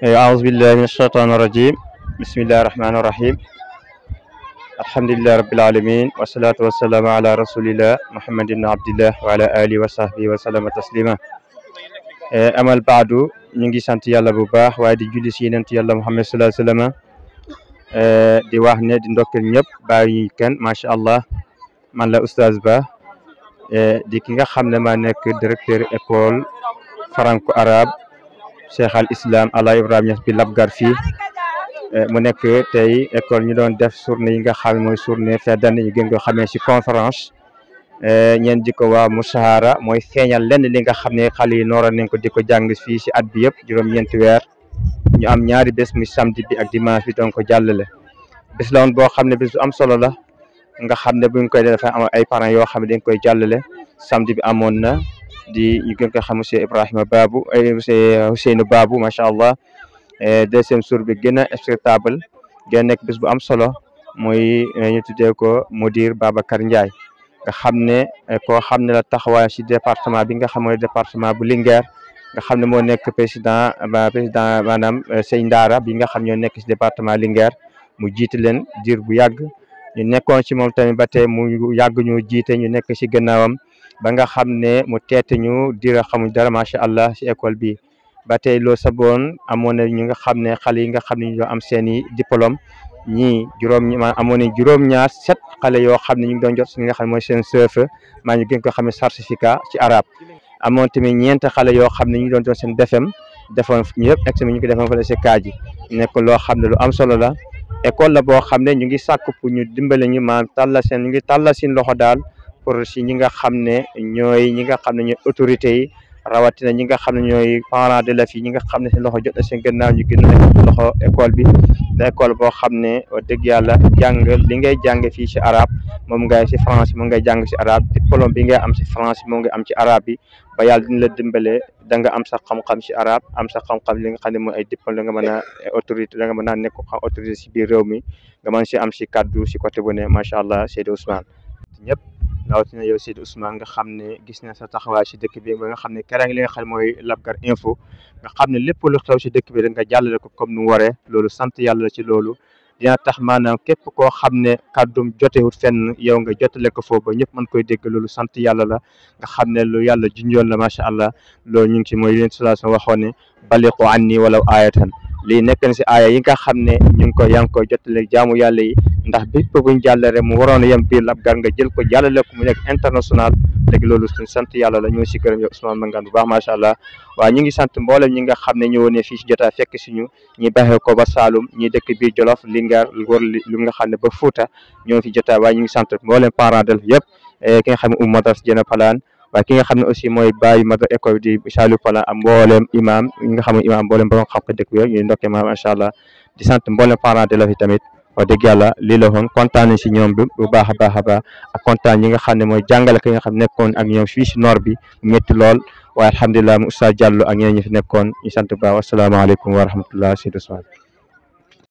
إيه، أعوذ بالله من الشيطان الرجيم بسم الله الرحمن الرحيم الحمد لله رب العالمين والصلاة والسلام على رسول الله محمد بن عبد الله وعلى آله وصحبه وسلم تسليما إيه، أما البعض نيجي سانتي الله بباح وادي جولي سينتي الله محمد صلى الله عليه وسلم إيه، دي واحنا دي ندوكر نيب كان ما شاء الله من لا أستاذ با دي كيغا خامنا ما نك ديريكتور إيكول فرانكو عرب cheikh al islam ala ibrahim Niass bi Labgar fii eh, mu nekk tey école ñu doon def journée yi nga xam mooy journée feddan ñu gën ko xamee ci conférence eh, ñeen di ko waa mushahara mooy feeñal lenn li nga xam ne xale yi noora nañ ko di ko jàng fii ci at yëpp juróom-ñeenti weer ñu ñaari bés muy samedi bi ak dimanche bi doon ko jàllale bés la woon xam ne bés bu am solo la nga xam ne buñ koy def am ay parents yoo xam ne dañ koy jàllale samedi bi amoon na di ñu gën ko xam monsieur Ibrahima Babou monsieur Ousseynou Babou macha allah eh, deuxième jour bi gën a spectable gën nekk bés bu am solo mooy eh, ñu tuddee ko diir Babacar Ndiaye nga xam ne eh, koo xam ne la taxawaay si département bi nga xam ne département bu Linguère nga xam ne moo nekk président président maanaam sëñ Ndaara bi nga xam ñoo nekk si département Linguère mu jiit leen diir bu yàgg ñu nekkoon ci moom tamit ba mu yàgg ñu jiite ñu nekk si gannaawam ba nga xam ne mu teete ñu dira xamuñ dara macha allah si école bi ba lo sabon saboon amoon na ñu nga xam ne xale yi nga xam ne ñoo am seen i diplôme ñii juróom amoon nañ juróom-ñaar set xale yoo xam ne ñu doon jot si nga xam ne mooy seen CFEE maa ñu gën ko xam ne certificat ci arabe amoon tamit ñeent xale yoo xam ñu doon jot seen BFEM defoon ñëpp examen ñu ko defoon fële si kaaji nekk loo xam lu am solo la école la boo xam ne ñu ngi sàkk pour ñu dimbale ñu maanaam tàllal seen ñu ngi tàllal seen loxo daal pour si ñi nga xam ne ñooy ñi nga xam ne ñooy autorités yi rawatina ñi nga xam ne ñooy parents d'élèves yi ñi nga xam ne seen loxo jot na seen ñu gën a loxo école bi da école boo xam ne wax dëgg yàlla jàng li ngay jàng fii si arab moom ngay si France moom nga jàng si arabe diplôme bi ngay am si France moom ngay am si arabe bi ba yàlla dina la dimbale da nga am sa xam-xam si arab am sa xam-xam li nga xam ne mooy ay diplôme nga mën a autorité da nga mën a nekk xam autorité si biir réew mi nga mën si am si kaddu si côté bu ne macha allah Seydou Ousmane ñëpp rawatina yow Seydou Ousmane nga xam ne gis na sa taxawaay si dëkk bi ba nga xam ne keroog li nga xam mooy Labgar info nga xam ne lépp lu xew si dëkk bi rek nga jàllale ko comme nu mu waree loolu sant yàlla si loolu dina tax maanaam képp koo xam ne kàddum jotewut fenn yow nga jotale ko foofu ba ñëpp mën koy dégg loolu sant yàlla la nga xam ne lu yàlla junjoon la macha allah loolu ñu ngi ci mooy leen solaas waxoon ne an anni wala aayatan lii nekk na si aaya yi nga xam ne ñu ngi ko yaa ngi koy jotale yàlla yi ndax bi ko buñ jàllale mu waroon a yem biir Labgar nga jël ko jàllale ko mu nekk international léegi loolu suñ sant yàlla la ñoo si gërëm yow Ousmane Mangane bu baax macha allah waaw ñu ngi sant mboolem ñi nga xam ne ñëwoon fii si jotaay fekk siñu ñi baxee ko ba Saalum ñi dëkk biir Jolof Linguère wër li nga xam ne ba Fuuta ñoo fi jotaay waaye ñu ngi sant mboolem parents d'élèves yëpp eh, xam ne um madras jëna palaan waaye ki nga xam ne aussi mooy bàyyi madra école di Saliou palaan am mboolem imam ñi nga xam ne imam mboolem borom xam ko dëkk bi ñu ndokkee maam allah di sant mboolem parents d'élèves yi tamit wax dëgg yàlla lii la woon kontaan si ñoom bu baax a baax a baax kontaan ñi nga xam ne mooy jàngale ki nga xam nekkoon ak ñoom fii si noor bi métti lool waaye alhamdulilah mu Oustaz Diallo ak ñeneen ñi fi nekkoon ñu sant bu baax wasalaamaaleykum wa rahmatullah si Ousmane